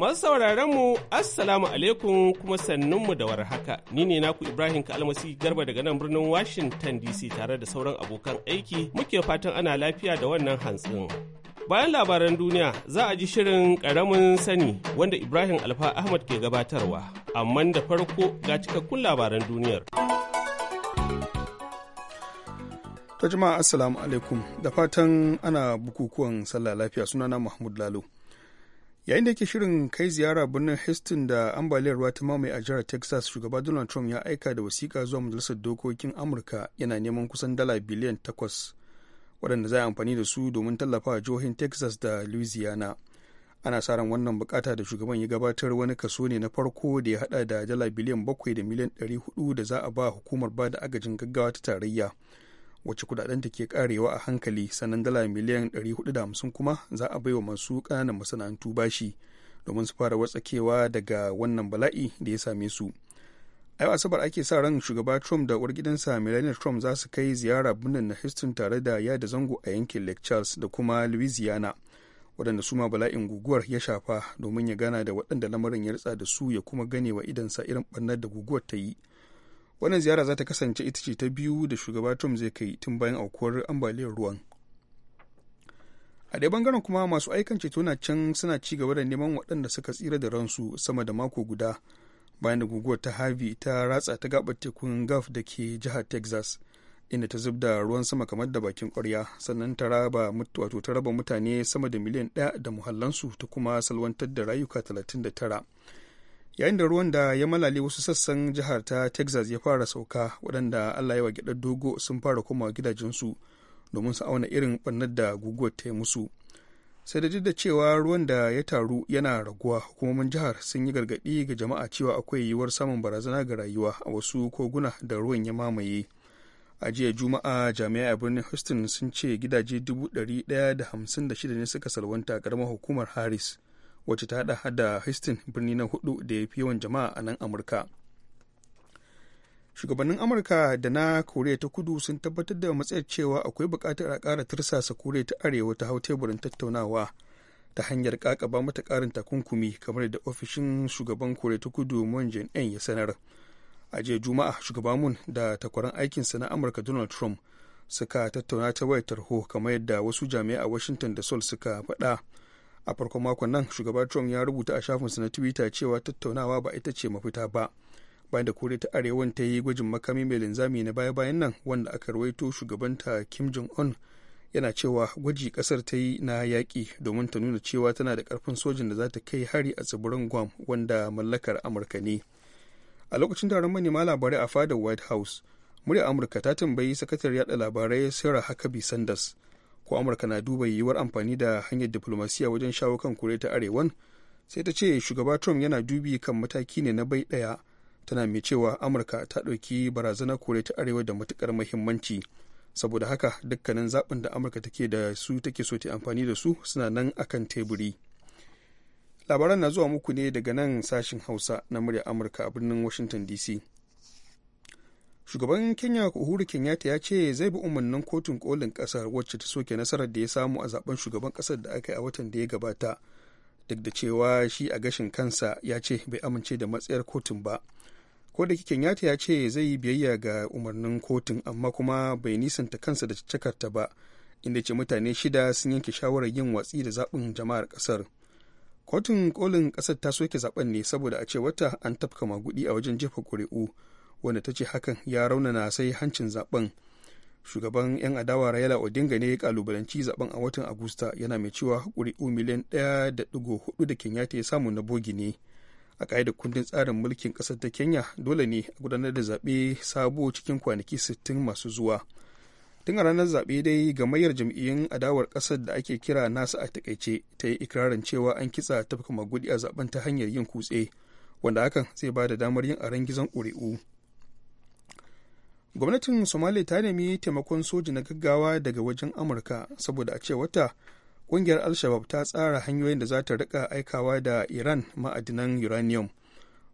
Masu sauraron mu Assalamu alaikum kuma sannunmu da warhaka. Ni ne naku Ibrahim Kalmasi Garba daga nan birnin Washington DC tare da sauran abokan aiki muke fatan ana lafiya da wannan hantsin. Bayan labaran duniya za a ji shirin ƙaramin sani wanda Ibrahim Alfa Ahmad ke gabatarwa, amma da farko ga cikakkun labaran duniyar. Ta jama'a Assalamu alaikum da fatan ana bukukuwan sallah lafiya sunana Mahmud Lalo. yayin da ke shirin kai ziyara birnin houston da ambaliyar ruwa ta mamaye a jihar texas shugaba donald trump ya aika da wasiƙa zuwa majalisar dokokin amurka yana neman kusan dala biliyan takwas waɗanda za a amfani da su domin tallafa jihohin texas da louisiana ana sa ran wannan bukata da shugaban ya gabatar wani kaso ne na farko da ya haɗa da dala biliyan bakwai da miliyan ɗari hudu da za a ba hukumar ba da agajin gaggawa ta tarayya wacce kudaden ta ke karewa a hankali sannan dala miliyan 450 kuma za a baiwa masu kananan masana'antu bashi domin su fara watsakewa daga wannan bala'i da ya same su a yau asabar ake sa ran shugaba trump da uwar gidansa melania trump za su kai ziyara birnin na houston tare da yada zango a yankin lake charles da kuma louisiana waɗanda suma bala'in guguwar ya shafa domin ya gana da waɗanda lamarin ya ritsa da su ya kuma ganewa wa idansa irin ɓarnar da guguwar ta yi wannan ziyara za ta kasance ita ce ta biyu da shugaba trump zai kai tun bayan aukuwar ambaliyar ruwan a dai bangaren kuma masu aikan ceto na can suna ci gaba da neman waɗanda suka tsira da ransu sama da mako guda bayan da guguwar ta harvey ta ratsa ta gabar tekun gaf da ke jihar texas inda ta zub da ruwan sama kamar da bakin ƙwarya sannan ta raba wato ta raba mutane sama da miliyan ɗaya da muhallansu ta kuma salwantar da rayuka 39 yayin da ruwan da ya malale wasu sassan jihar ta texas ya fara sauka waɗanda allah ya wa dogo sun fara koma gidajensu domin su auna irin ɓannar da guguwar ta yi musu sai da duk da cewa ruwan da ya taru yana raguwa hukumomin jihar sun yi gargaɗi ga jama'a cewa akwai yiwuwar samun barazana ga rayuwa a wasu koguna da ruwan ya mamaye a jiya juma'a jami'a a birnin houston sun ce gidaje 156 ne suka salwanta karamar hukumar harris wacce ta hada da houston birni na hudu da ya fi yawan jama'a a nan amurka shugabannin amurka da na koriya ta kudu sun tabbatar da matsayar cewa akwai buƙatar a ƙara tirsasa koriya ta arewa ta hau teburin tattaunawa ta hanyar ƙaƙaba mata ƙarin takunkumi kamar da ofishin shugaban koriya ta kudu moon jae ya sanar a jiya juma'a shugaban mun da takwaran aikinsa na amurka donald trump suka tattauna ta wayar tarho kamar yadda wasu jami'a a washington da sol suka faɗa a farkon makon nan shugaba trump ya rubuta a shafinsa na twitter cewa tattaunawa ba ita ce mafita ba bayan da koriya ta arewan ta yi gwajin makami mai linzami na baya-bayan nan wanda aka rawaito shugabanta kim jong un yana cewa gwaji kasar ta yi na yaƙi domin ta nuna cewa tana da karfin sojin da za ta kai hari a tsibirin guam wanda mallakar amurka ne a lokacin taron manema labarai a fadar white house murya amurka ta tambayi sakatar yada labarai sarah huckabee sanders ko amurka na duba yiwuwar amfani da hanyar diplomasiya wajen shawo kan koriya ta arewan sai ta ce shugaba trump yana dubi kan mataki ne na bai daya tana mai cewa amurka ta ɗauki barazanar koriya ta arewa da matukar muhimmanci saboda haka dukkanin zaɓin da amurka take da su take so ta amfani da su suna nan akan teburi labaran na zuwa muku ne daga nan sashin hausa na murya amurka a birnin washington dc shugaban kenya uhuru kenyatta ya ce zai bi umarnin kotun kolin kasar wacce ta soke nasarar da ya samu a zaben shugaban kasar da aka yi a watan da ya gabata duk da cewa shi a gashin kansa ya ce bai amince da matsayar kotun ba ko da kenyatta ya ce zai yi biyayya ga umarnin kotun amma kuma bai nisanta kansa da cakarta ba inda ce mutane shida sun yanke shawarar yin watsi da zaɓin jama'ar ƙasar kotun kolin ƙasar ta soke zaben ne saboda a ce wata an tafka magudi a wajen jefa kuri'u. wanda ta ce hakan ya raunana sai hancin zaben shugaban 'yan adawa rayala odinga ne kalubalanci zaben a watan agusta yana mai cewa ƙuri'u miliyan 1.4 da kenyatta ya samu na bogi ne a ƙa'idar kundin tsarin mulkin ƙasar ta kenya dole ne a gudanar da zaɓe sabo cikin kwanaki 60 masu zuwa tun a ranar zaɓe dai gamayyar jam'iyyun adawar ƙasar da ake kira nasa a takaice ta yi ikirarin cewa an kitsa tafka magudi a zaben ta hanyar yin kutse wanda hakan zai ba da damar yin aron gizon ƙuri'u gwamnatin somalia ta nemi taimakon soji na gaggawa daga wajen amurka saboda a ce wata kungiyar al-shabab ta tsara hanyoyin da za ta rika aikawa da iran ma'adinan uranium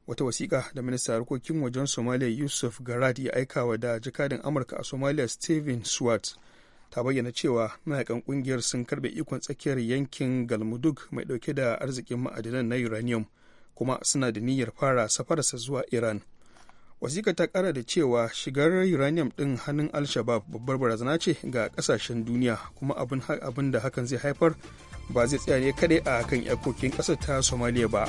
wata wasiƙa da minista harkokin wajen somalia yusuf garad ya aikawa da jakadin amurka a somalia steven swart ta bayyana cewa mayakan kungiyar sun karbe ikon tsakiyar yankin galmudug mai dauke da arzikin ma'adinan na uranium kuma suna da niyyar fara safararsa zuwa iran wasiƙa ta kara da cewa shigar uranium ɗin hannun al babbar barazana ce ga ƙasashen duniya kuma abin da hakan zai haifar ba zai tsaya ne kaɗai a kan iyakokin ƙasar ta somaliya ba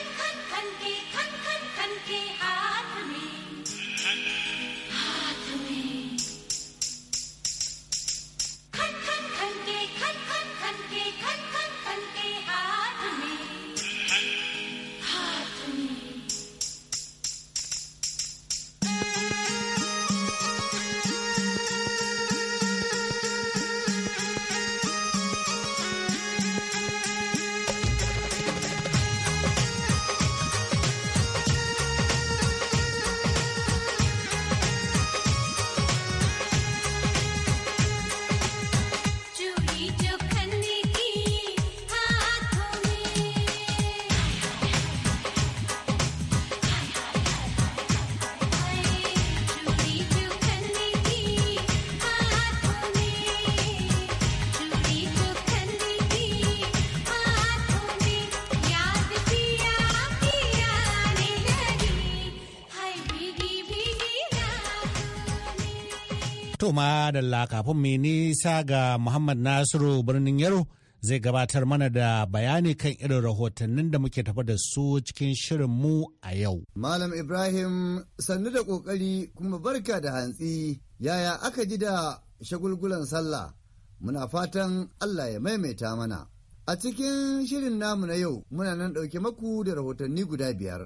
To ma da kafin mai nisa ga Muhammad Nasiru birnin Yaro zai gabatar mana da bayani kan irin rahotannin da muke tafa da su cikin shirin mu a yau. Malam Ibrahim sannu da kokari kuma barka da hantsi yaya aka ji da shagulgulan sallah muna fatan Allah ya maimaita mana. A cikin shirin namu na yau muna nan ɗauke maku da rahotanni guda biyar.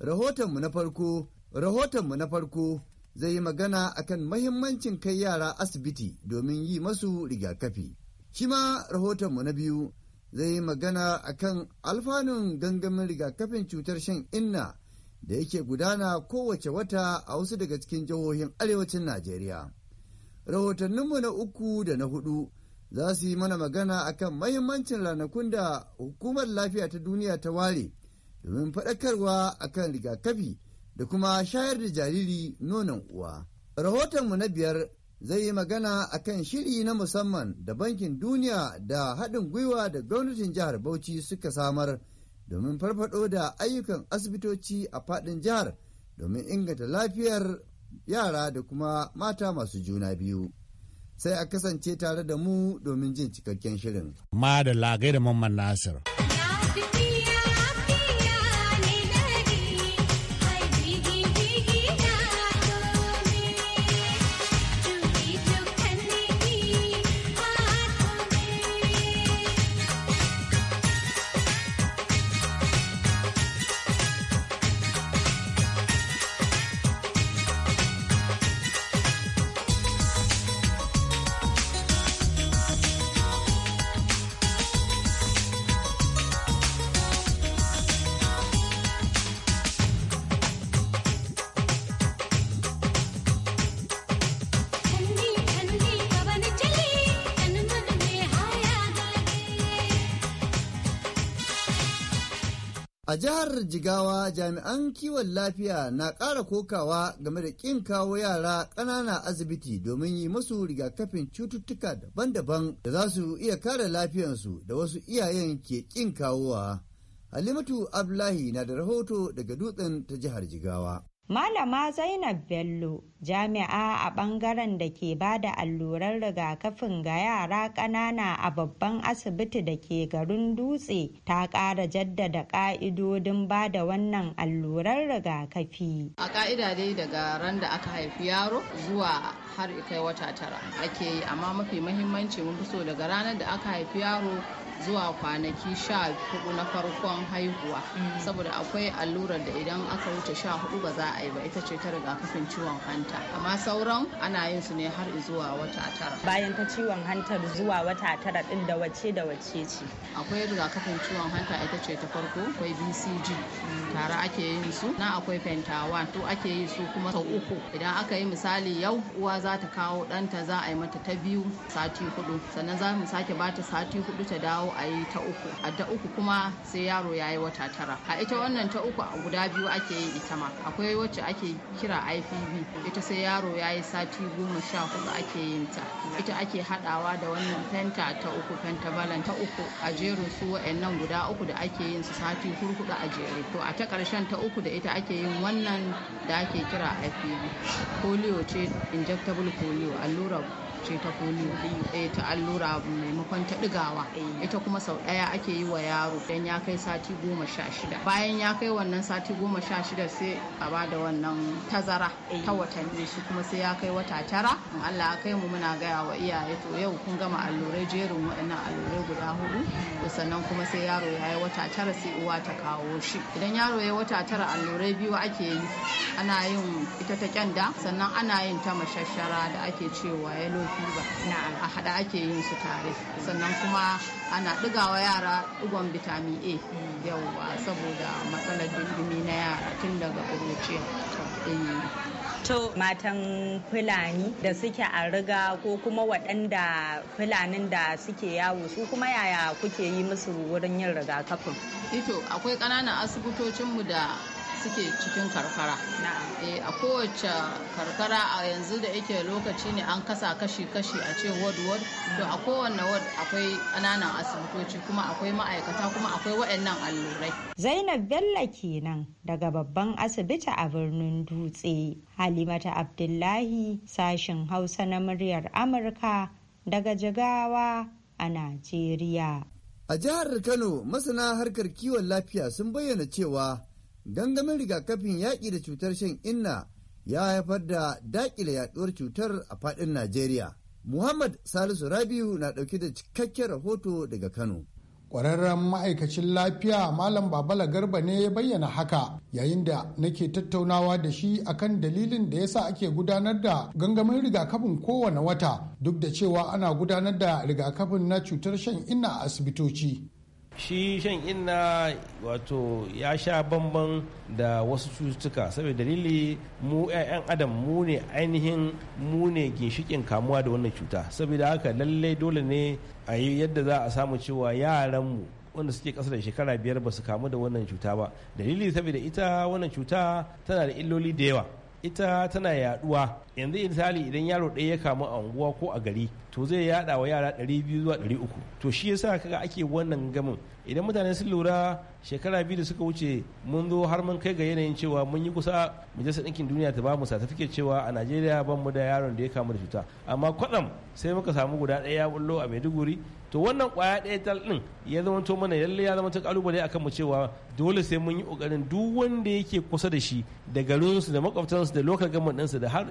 Rahotanmu na farko, rahotonmu na farko zai yi magana akan mahimmancin kai yara asibiti domin yi masu rigakafi. Shi ma rahotonmu na biyu zai yi magana akan alfanun gangamin rigakafin cutar shan inna da yake gudana kowace wata a wasu daga cikin jihohin arewacin Najeriya. Rahotanninmu na uku da na hudu za su yi mana magana akan mahimmancin ranakun da hukumar lafiya ta duniya ta ware domin faɗakarwa akan rigakafi da kuma shayar da jariri nonon uwa. Rahotonmu na biyar zai yi magana a kan shiri na musamman da Bankin Duniya da haɗin gwiwa da gwamnatin jihar Bauchi suka samar domin farfaɗo da ayyukan asibitoci a faɗin jihar domin inganta lafiyar yara da kuma mata masu juna biyu. Sai a kasance tare da mu domin jin cikakken shirin. Ma da lagai da Mamman Nasir. A jihar Jigawa jami'an kiwon lafiya na ƙara kokawa game da ƙin kawo yara ƙanana asibiti domin yi musu rigakafin cututtuka daban-daban da za su iya kare su da wasu iyayen ke ƙin kawowa. Halimatu Abdullahi na da rahoto daga dutsen ta jihar Jigawa. Malama Zainab Bello jami'a a bangaren da ke ba da allurar rigakafin ga yara ƙanana a babban asibiti da ke garin dutse ta ƙara jaddada ƙa'idodin ba da wannan allurar rigakafi. A ƙa'ida dai daga ran da aka haifi yaro zuwa har kai wata tara ake yi amma mafi mahimmanci mun fi so daga ranar da aka haifi yaro zuwa kwanaki sha hudu na farkon haihuwa mm. saboda akwai allurar da idan aka wuce sha hudu ba za a yi ba ita ce ta rigakafin ciwon hanta amma sauran ana yin su ne har zuwa wata tara bayan ta ciwon hantar zuwa wata tara din da wace da wace ce akwai rigakafin ciwon hanta ita ce ta farko akwai bcg mm. tare ake yin su na akwai pentawan to ake yi su kuma sau uku idan aka yi misali yau uwa za ta kawo ɗanta za a yi mata ta biyu sati hudu sannan za mu sake bata sati hudu ta dawo Ayi, yi ta uku a ta uku kuma sai yaro ya yi wata tara a ita wannan ta uku a guda biyu ake yi ita ma akwai wacce ake kira ipv ita sai yaro ya yi sati goma sha hudu ake yin ta ita ake hadawa da wannan fenta ta uku fenta ta uku a jerin su wa'annan guda uku da ake yin su sati hurhudu a jere to a ta karshen ta uku da ita ake yin wannan da ake kira ipv polio ce injectable polio allurar ce ta polio eh, ta allura maimakon ta ɗigawa eh. ita kuma sau ɗaya ake yi wa yaro dan ya kai sati goma sha shida bayan ya kai wannan sati goma sha shida sai a ba wannan tazara eh. ta watanni shi kuma sai ya kai wata tara in Allah ya kai mu muna gaya wa iyaye to yau kun gama allurai jerin waɗannan allurai guda hudu sannan kuma sai yaro ya yi wata tara sai uwa ta kawo shi idan yaro ya yi wata tara allurai biyu ake yi ana yin ita ta kyanda sannan ana yin ta mashashara da ake cewa yellow fiba na'am a hada ake yin su tare sannan kuma ana ɗigawa yara ɗigon bitamin A yauwa saboda matsalar dindimi na yara tun daga ƙuruciya eh. to matan fulani da suke a riga ko kuma waɗanda fulanin da suke yawo su kuma yaya kuke yi musu wurin yin rigakafin ito akwai ƙananan asibitocinmu da suke cikin karkara eh, a kowace karkara a yanzu da yake lokaci ne an kasa kashi-kashi a ce ward ward to a kowane ward akwai ƙananan asibitoci kuma akwai ma'aikata kuma akwai waɗannan allurai zainab bello kenan daga babban asibiti a birnin dutse halimata abdullahi sashen hausa na muryar amurka daga jigawa a najeriya A jihar Kano masana harkar kiwon lafiya sun bayyana cewa gangamin rigakafin yaƙi da cutar shan inna ya haifar da daƙile yaɗuwar cutar a faɗin Najeriya. Muhammad Salisu Rabiu na ɗauke da cikakken rahoto daga Kano. Ƙwararren ma'aikacin lafiya Malam Babala Garba ne ya bayyana haka yayin da nake tattaunawa da shi akan dalilin da yasa ake gudanar da gangamin rigakafin kowane wata duk da cewa ana gudanar da rigakafin na cutar shan inna a asibitoci. shi shan inna wato ya sha bamban da wasu cututtuka saboda dalili mu 'ya'yan adam mu ne ainihin mu ne ginshikin kamuwa da wannan cuta saboda haka lallai dole ne a yi yadda za a samu cewa yaranmu wanda suke kasa da shekara biyar ba su kamu da wannan cuta ba dalili saboda ita wannan cuta tana da illoli da yawa ita tana yaduwa yanzu misali idan yaro ɗaya ya kamu a unguwa ko a gari to zai yada wa yara 200 zuwa 300 to shi yasa kaga ake wannan gamin idan mutane sun lura shekara biyu da suka wuce mun zo har mun kai ga yanayin cewa mun yi kusa majalisar ɗinkin duniya ta ba mu cewa a najeriya ban mu da yaron da ya kamu da cuta amma kwaɗam sai muka samu guda ɗaya ya bullo a maiduguri to wannan kwaya daya tal din ya zama to mana yalle ya zama ta kalubale akan mu cewa dole sai mun yi kokarin duk wanda yake kusa da shi da garinsu da makwabtansu da local government ɗinsu da har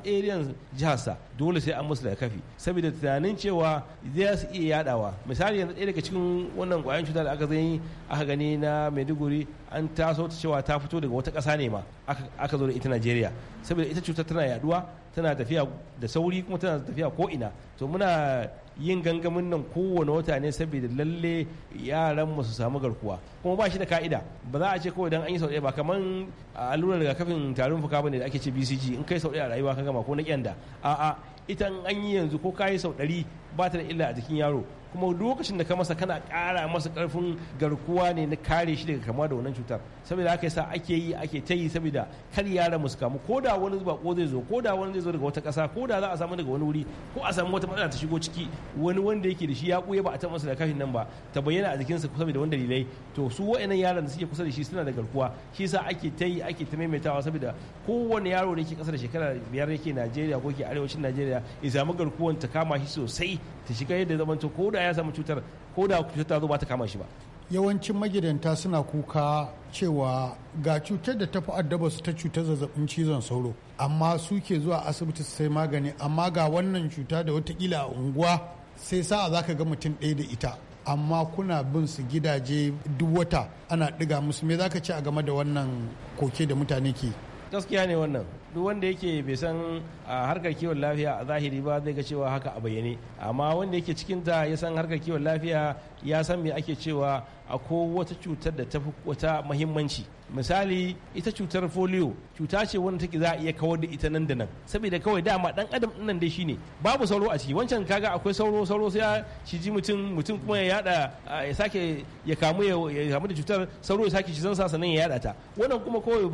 jihar sa dole sai an musu da kafi saboda tunanin cewa zai su iya yadawa misali yanzu ɗaya daga cikin wannan kwayan cuta da aka zai aka gani na maiduguri an taso ta cewa ta fito daga wata ƙasa ne ma aka zo da ita najeriya saboda ita cutar tana yaduwa tana tafiya da sauri kuma tana tafiya ko ina to muna yin gangamin nan kowane wata ne saboda lalle yaran mu su samu garkuwa kuma ba shi da ka'ida ba za a ce kawai dan an yi sau ɗaya ba kaman ah, allurar rigakafin tarin fuka bane da ake ce BCG in kai sau a rayuwa ka gama ko na kyanda a'a ita an yi yanzu ko kayi sau ɗari ba ta da illa a jikin yaro kuma lokacin da ka masa kana ƙara masa ƙarfin garkuwa ne na kare shi daga kama da wannan cutar saboda haka yasa ake yi ake ta yi saboda kar yara mu kamu ko da wani bako zai zo ko da wani zai zo daga wata ƙasa ko da za a samu daga wani wuri ko a samu wata matsala ta shigo ciki wani wanda yake da shi ya ƙuya ba a taɓa masa da kashin nan ba ta bayyana a jikinsa saboda wani dalilai to su wa'annan yaran da suke kusa da shi suna da garkuwa shi yasa ake ta yi ake ta maimaitawa saboda kowane yaro da yake ƙasa da shekara biyar yake Najeriya ko ke arewacin Najeriya ya samu garkuwan ta kama shi sosai ta shiga yadda zamanto ko da ya samu cutar ko da cutar ta zo ba ta kama shi ba yawancin magidanta suna kuka cewa ga cutar da ta fi addaba su ta cutar zazzabin cizon sauro amma su ke zuwa asibiti su sai magani amma ga wannan cuta da watakila a unguwa sai sa'a za ka ga mutum ɗaya da ita amma kuna bin su gidaje duk wata ana ɗiga musu me za ka ce a game da wannan koke da mutane ke gaskiya ne wannan duk wanda yake bai san harkar kiwon lafiya a zahiri ba zai ga cewa haka a bayyane amma wanda yake cikin ta ya san harkar kiwon lafiya ya san me ake cewa ko wata cutar da ta fi wata mahimmanci misali ita cutar folio cuta ce wanda take za a iya kawar da ita nan da nan saboda kawai dama dan adam nan dai shine babu sauro a ciki wancan kaga akwai sauro sauro sai ya ji mutum mutum kuma ya yada ya sake ya kamu ya kamu da cutar sauro ya sake cizon sa sannan ya yada ta wannan kuma kawai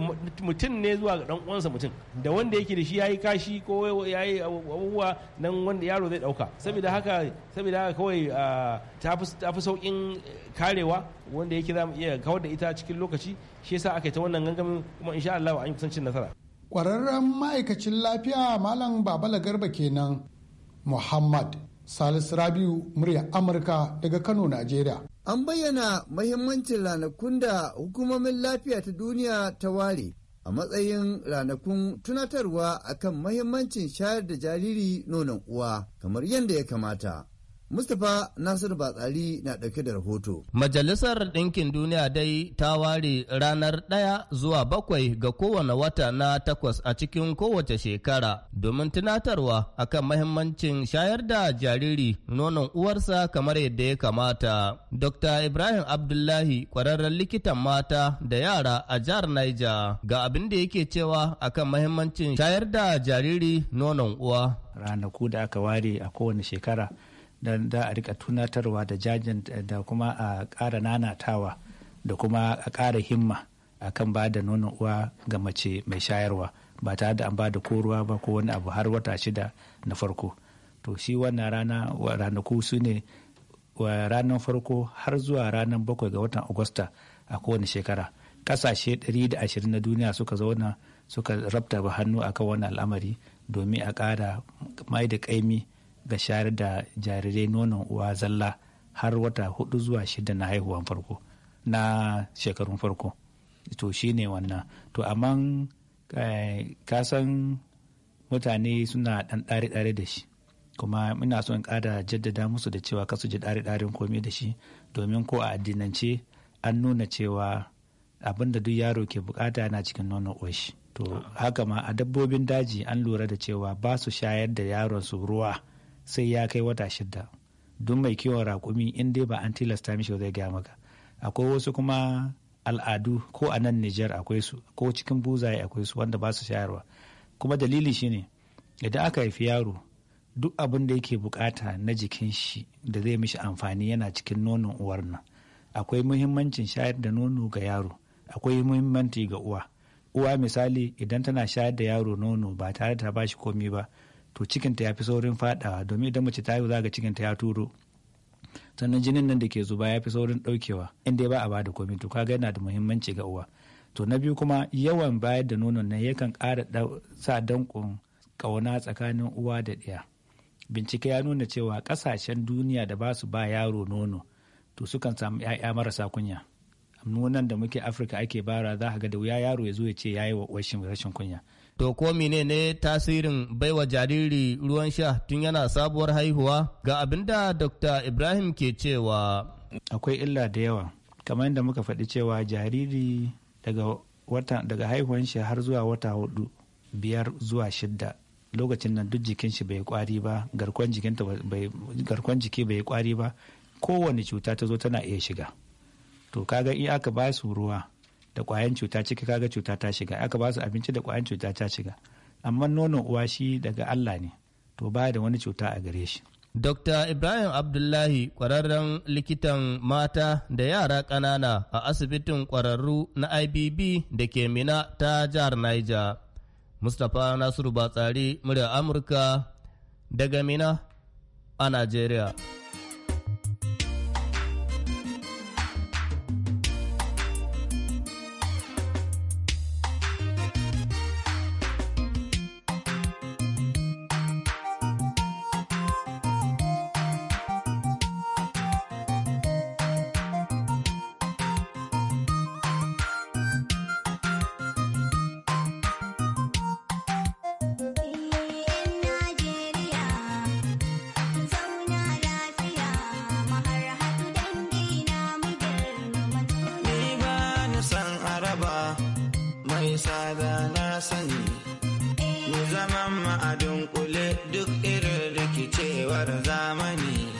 mutum ne zuwa ga dan uwansa mutum da wanda yake da shi yayi kashi ko yayi abubuwa nan wanda yaro zai dauka saboda haka saboda haka kawai ah, ta fi saukin karewa wanda yake za mu iya kawar da ita cikin lokaci shi yasa aka yi ta wannan gangamin kuma insha Allah an yi kusancin nasara kwararren ma'aikacin lafiya malam babala garba kenan muhammad salisu rabiu murya amurka daga kano najeriya an bayyana mahimmancin ranakun da hukumomin lafiya ta duniya ta ware a matsayin ranakun tunatarwa akan mahimmancin shayar da jariri nonon uwa kamar yadda ya kamata. Mustapha Nasiru Batsari na ɗauke da rahoto. Majalisar Ɗinkin Duniya dai ta ware ranar ɗaya zuwa bakwai ga kowane wata na takwas a cikin kowace shekara domin tunatarwa akan mahimmancin shayar da jariri nonon uwarsa kamar yadda ya kamata. Dr. Ibrahim Abdullahi ƙwararren likitan mata da yara a jihar Niger ga abin da yake cewa akan mahimmancin shayar da jariri nonon uwa. Ranaku da aka ware a kowane shekara da a rika tunatarwa da jajin da kuma a ƙara nanatawa da kuma a ƙara himma akan ba da nonon uwa ga mace mai shayarwa ba tare da an ba da koruwa ba ko wani abu har wata shida na farko to shi wannan rana ranaku su ne ranar farko har zuwa ranar bakwai ga watan agusta a kowane shekara kasashe 120 na duniya suka zauna suka rabta ba hannu a kan wani al'amari domin a ƙara mai da ƙaimi ga shayar da jarirai nonon uwa zalla har wata hudu zuwa shida na haihuwan farko na shekarun farko to shi ne wannan to amma eh, kasan mutane suna ɗan ɗare-ɗare da shi kuma ina so in ƙara jaddada musu da cewa kasu ji ɗare-ɗaren komai da shi domin ko a addinance an nuna cewa abin da duk yaro ke bukata yana cikin nonon uwashi to haka ma a dabbobin daji an lura da cewa ba su shayar da yaron su ruwa sai ya kai wata shida duk mai kiwon raƙumi in dai ba an tilasta mishi zai gaya maka akwai wasu kuma al'adu ko a nan Nijar akwai su ko cikin buzaye akwai su wanda ba su shayarwa kuma dalili shine idan aka haifi yaro duk abin da yake bukata na jikin shi da zai mishi amfani yana cikin nonon uwar nan akwai muhimmancin shayar da nono ga yaro akwai muhimmanci ga uwa uwa misali idan tana shayar da yaro nono ba tare da ta bashi komi ba to cikinta ya fi saurin fada domin idan mace ta haihu za ga cikinta ya turo sannan jinin nan da ke zuba ya fi saurin daukewa inda ba a ba da komai to kaga yana da muhimmanci ga uwa to na biyu kuma yawan bayar da nonon nan yakan kara sa danƙon ƙauna tsakanin uwa da ɗaya bincike ya nuna cewa kasashen duniya da ba su ba yaro nono to sukan samu 'ya'ya marasa kunya nunan da muke afirka ake bara za ga da wuya yaro ya zo ya ce ya yi wa rashin kunya To ko menene tasirin baiwa jariri ruwan sha tun yana sabuwar haihuwa ga abin da Dr. Ibrahim ke cewa. Akwai illa da yawa, kamar yadda muka faɗi cewa jariri daga, haihuwan shi har zuwa wata hudu biyar zuwa shidda lokacin nan duk jikin shi bai kwari ba garkuwan jiki bai kwari ba kowane cuta ta zo tana iya shiga to kaga in aka ba su ruwa da kwayan cuta ciki kaga cuta ta shiga aka ba su abinci da kwayan cuta ta shiga amma nonon uwa shi daga Allah ne to ba da wani cuta a gare shi Dr. Ibrahim Abdullahi kwararren likitan mata da yara ƙanana a asibitin kwararru na IBB da ke Mina ta jihar Niger. Mustapha Nasiru Batsari murya Amurka daga Mina a Najeriya. nisa na sani mu zaman ma'adun kule duk irin rikicewar zamani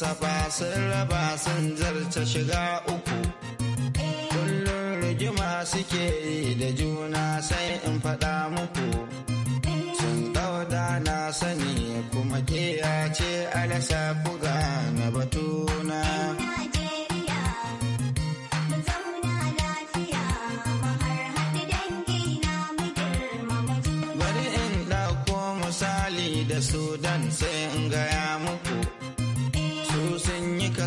sassafa sun raba sun zarta shiga uku kullum rigima suke yi da juna sai in faɗa muku sun ɗauda na sani kuma ke ce alasa buga na batuna.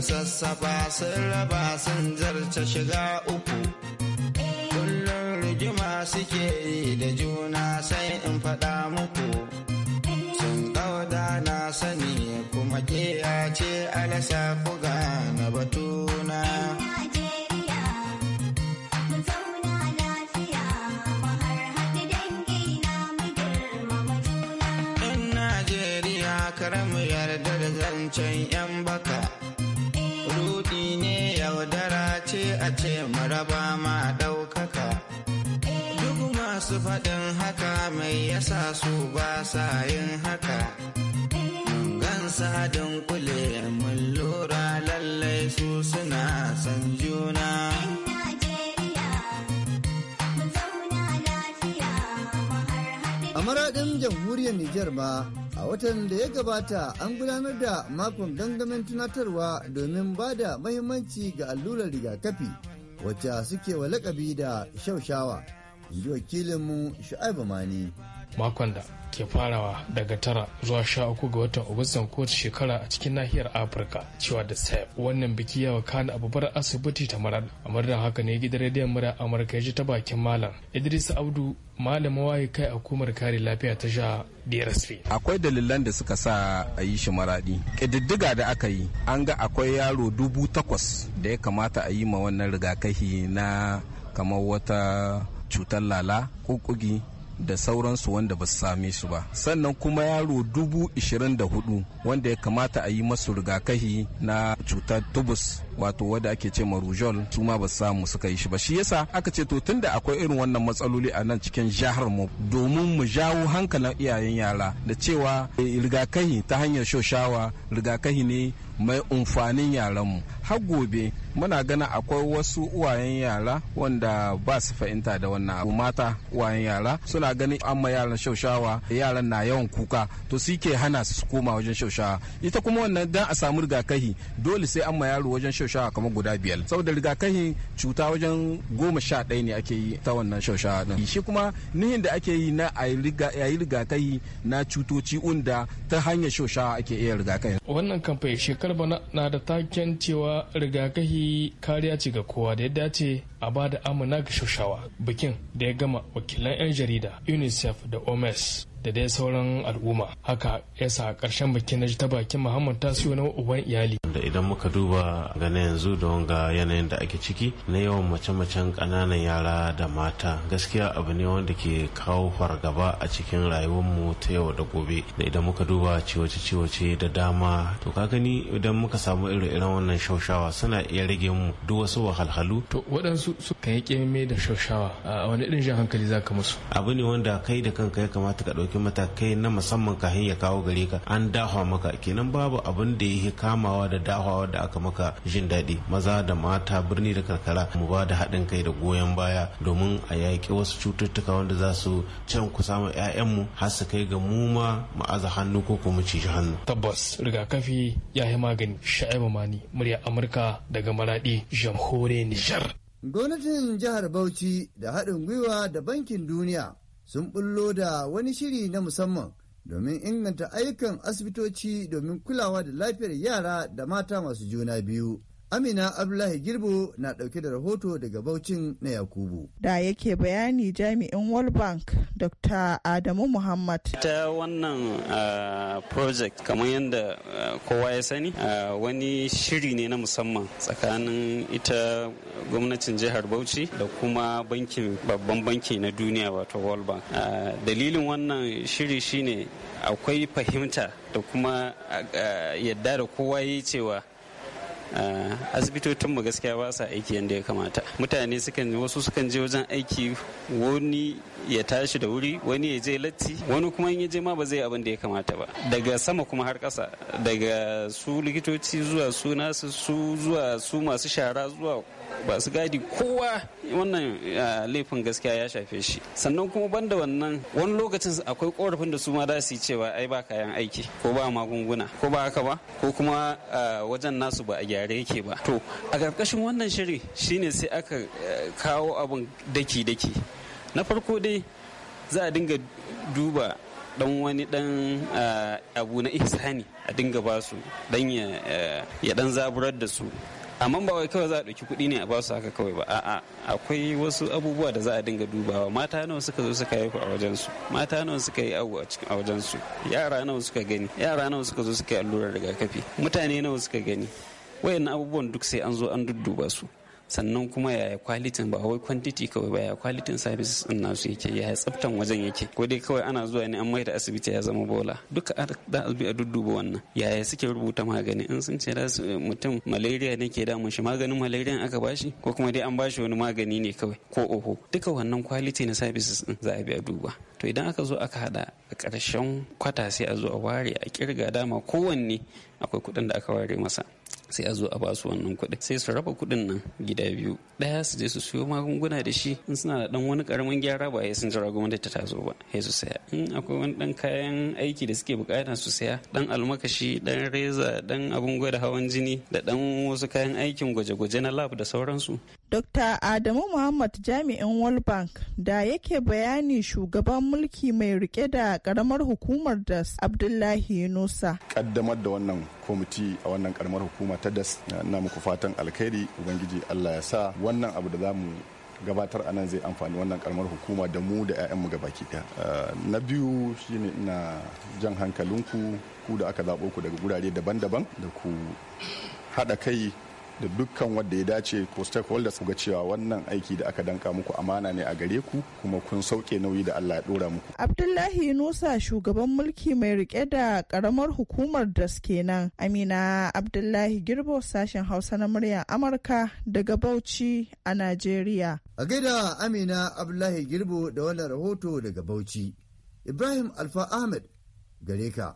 sassafa sun raba sun zarce shiga uku kullum rigima suke yi da juna sai in faɗa muku sun ɗauda na sani kuma ƙiya ce alasa buga na batuna. karamu yarda da zancen 'yan baka a ce maraba ma ɗaukaka. Duk masu faɗin haka mai yasa su ba sa yin haka. Gansa don kule mun lura lallai su suna san juna. maraɗin jamhuriyar Nijar ba A watan da ya gabata an gudanar da makon gangamin tunatarwa domin ba da mahimmanci ga allurar rigakafi wacce suke wa lakabi da shaushawa. Ji wakilinmu Shu'aibu Mani. Makon da ke farawa daga tara zuwa sha uku ga watan Agustan kowace shekara a cikin nahiyar Afirka cewa da SAP wannan biki ya kan abubuwar asibiti ta amma A haka ne gidan rediyon murya Amurka ya ji ta bakin Malam Idris audu. malama waye kai a hukumar kare lafiya ta sha DRSP. Akwai dalilan da suka sa a yi shi maraɗi Ƙididdiga da aka yi, an ga akwai yaro dubu takwas da ya kamata a yi ma wannan rigakafi na kamar wata cutar lala, ƙuƙugi da sauransu wanda ba su same su ba sannan kuma yaro dubu ishirin da hudu wanda ya kamata a yi masu rigakahi na cutar tubus wato wadda ake ce ma rujol su ma ba samu suka yi shi ba shi yasa aka ce to tunda akwai irin wannan matsaloli a nan cikin jihar mu domin mu jawo hankalin iyayen yara da cewa eh, rigakahi ta hanyar shoshawa rigakahi ne mai umfanin yaran mu har gobe muna gana akwai wasu uwayen yara wanda ba su fahimta da wannan abu mata uwayen yara suna ganin an ma yaran shaushawa yaran na yawan kuka to su ke hana su koma wajen shaushawa ita kuma wannan dan a samu rigakahi dole sai an ma yaro wajen shaushawa kamar guda biyar saboda rigakahi cuta wajen goma sha ɗaya ne ake yi ta wannan shaushawa din shi kuma nihin da ake yi na a yi rigakahi na cutoci unda ta hanyar shaushawa ake iya rigakahi wannan kamfai shekarar bana na da taken cewa rigakahi kariya ce ga kowa da ya dace a ba da amina ga shushawa bikin da ya gama wakilan 'yan jarida unicef da omes da dai sauran al'umma haka yasa karshen bikin na ta bakin muhammad siyo na uban iyali da idan muka duba gane yanzu da wanga yanayin da ake ciki na yawan mace-macen ƙananan yara da mata gaskiya abu ne wanda ke kawo fargaba a cikin rayuwarmu ta yau da gobe da idan muka duba ciwace-ciwace da dama to ka gani idan muka samu irin-irin wannan shaushawa suna iya rage mu duk wasu wahalhalu to waɗansu su kan yi da shaushawa a wani irin jan hankali za ka musu abu ne wanda kai da kanka ya kamata ka ɗauki ɗauki matakai na musamman kafin ya kawo gare ka an dahwa maka kenan babu abin da ya kamawa da dahwawa da aka maka jin daɗi maza da mata birni da karkara mu ba da haɗin kai da goyon baya domin a yaƙi wasu cututtuka wanda za su can kusa ƴaƴan mu har su kai ga mu ma mu aza hannu ko kuma ci hannu. tabbas rigakafi ya yi magani sha'ibu mani murya amurka daga maraɗi jamhuriyar nijar. gwamnatin jihar bauchi da haɗin gwiwa da bankin duniya sun bullo da wani shiri na musamman domin inganta ayyukan asibitoci domin kulawa da lafiyar yara da mata masu juna biyu. Amina Abdullahi Girbo na ɗauke da rahoto daga Baucin na Yakubu. Da yake bayani jami'in World Bank Dr. Adamu Muhammad. Ta wannan ah, project kamar yadda ah, kowa ya sani ah, wani shiri ne na musamman tsakanin ita gwamnatin jihar Bauchi da kuma bankin babban banki na duniya wato World Bank. Dalilin wannan shiri shine akwai fahimta da kuma yadda da kowa ya cewa Eh, asibitocinmu gaskiya ba sa aiki yadda ya kamata mutane sukan wasu sukan je wajen aiki wani ya tashi da wuri wani ya je latti wani kuma in ya je ma ba zai abin da ya kamata ba daga sama kuma har ƙasa daga su likitoci zuwa su nasu su zuwa su masu shara zuwa basu gadi kowa wannan eh, laifin gaskiya ya shafe shi sannan kuma banda wannan wani lokacin akwai korafin da su ma da su cewa ai ba kayan aiki ko ba magunguna ko ba haka ba ko kuma eh, wajen nasu ba a yare yake ba to a ƙarƙashin wannan shiri shine sai aka eh, kawo abin daki-daki na farko dai za a dinga duba dan wani dan eh, abu na ihsani a dinga ba su dan ya dan eh, zaburar da su amma ba wai kawai za a ɗauki kuɗi ne a ba su haka kawai ba a'a akwai wasu abubuwa da za a dinga dubawa mata nawa suka zo suka haihu a wajen su mata nawa suka yi abu a wajen su yara nawa suka gani yara nawa suka zo suka yi allurar rigakafi mutane nawa suka gani wayan abubuwan duk sai an zo an dudduba su sannan kuma yaya kwalitin ba wai kwantiti kawai ba yaya kwalitin services din nasu yake yaya tsaftan wajen yake ko dai kawai ana zuwa ne an mai da asibiti ya zama bola duka da bi a dudduba wannan yaya suke rubuta magani in sun ce da eh, mutum malaria ne ke damun shi maganin malaria aka bashi ko kuma dai an bashi wani magani ne kawai ko oho duka wannan kwaliti na services din za a bi a duba to idan aka zo aka hada a ƙarshen kwata sai a zo a ware a kirga dama kowanne akwai kuɗin da aka ware masa sai a zo a basu wannan kuɗi sai su raba kuɗin nan gida biyu ɗaya su je su siyo magunguna da shi in suna da ɗan wani ƙaramin gyara ba sai sun jira gwamnati ta zo ba sai su saya in akwai wani ɗan kayan aiki da suke buƙata su saya ɗan almakashi ɗan reza ɗan abun gwada hawan jini da ɗan wasu kayan aikin gwaje-gwaje na lab da sauransu Dr. Adamu Muhammad jami'in World Bank da yake bayani shugaban mulki mai rike da karamar hukumar DAS Abdullahi Nusa. Kaddamar da wannan kwamiti a wannan karamar hukuma ta DAS na muku fatan alkhairi Ubangiji Allah ya sa wannan abu da zamu gabatar a nan zai amfani wannan karamar hukuma da mu da 'ya'yanmu baki daya. Eh, na biyu shine ina jan hankalinku ku da aka zaɓo ku daga gurare daban-daban da ku haɗa kai da dukkan wanda ya dace ko stakeholders su ga cewa wannan aiki da aka danka muku amana ne a gare ku kuma kun sauke nauyi da Allah ya dora muku. Abdullahi Nusa shugaban mulki mai rike da karamar hukumar DAS kenan. Amina Abdullahi Girbo sashen Hausa na murya Amurka daga Bauchi a Najeriya. A gaida Amina Abdullahi Girbo da wannan rahoto daga Bauchi. Ibrahim Alfa Ahmed gare ka.